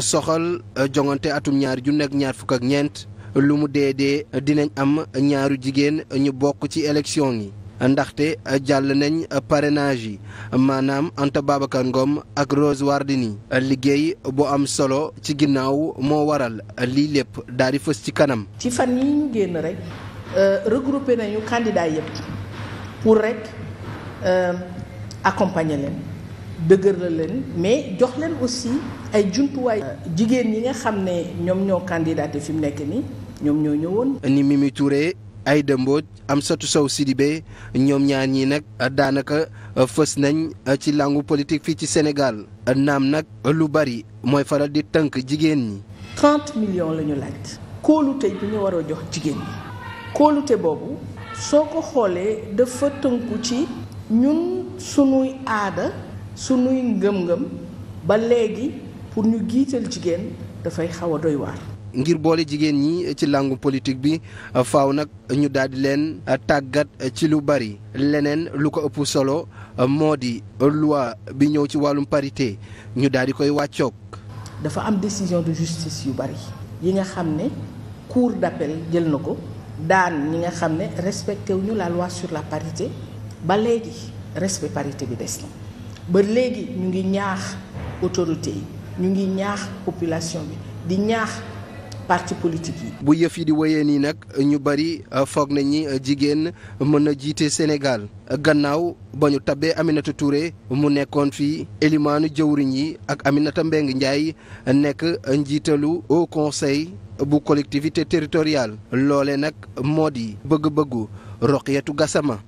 soxal euh, jongante atum ñaari junni ñaar fukk ak ñeent lu mu dee dee dinañ am ñaaru jigéen ñu bokk ci élection yi ndaxte euh, jàll nañ euh, parrainage yi maanaam Anta Ngom ak Rose Wardini liggéey bu am solo ci ginnaaw moo waral lii lépp daal di fës ci kanam. ci fan yi ñu génn rek regroupé nañu candidat yëpp pour rek accompagner leen. dëgër la leen mais jox leen aussi ay jumtuwaay. jigéen ñi nga xam ne ñoom ñoo candidaté fi mu nekk nii ñoom ñoo ñëwoon. ni Mimi Touré Aïda am Amsatou Sow Sidibé ñoom ñaar ñii nag daanaka fës nañ ci langue politique fii ci senegal naam nag lu bari mooy faral di tënk jigéen ñi. 30 millions la ñu laaj. kóolute ñu war a jox jigéen ñi. kóolute boobu soo ko xoolee dafa tënku ci ñun sunuy aada. sunuy ngëm-ngëm ba léegi pour ñu giital jigéen dafay xaw a doy waar. ngir boole jigéen ñi ci làngu politique bi faw nag ñu daal di leen tàggat ci lu bari leneen lu ko ëpp solo moo di loi bi ñëw ci wàllum parité ñu daal di koy wàccook dafa am décision de justice yu bari yi nga xam ne cour d'appel jël na ko daan ñi nga xam ne respecté wu ñu la loi sur la parité ba léegi respect parité bi des na. ba léegi ñu ngi ñaax autorité yi ñu ngi ñaax population bi di ñaax parti politique yi. bu yëf yi di wéyee nii nag ñu bari euh, foog nañ ni euh, jigéen mën na jiite Sénégal gannaaw ba ñu tabee Aminata Touré mu nekkoon fii élimaanu jëwriñ yi ak Aminata Mbengue Ndiaye nekk njiitalu au conseil bu collectivité territoriale loole nag moo di bëgg-bëggu Roqiyatu Gassama.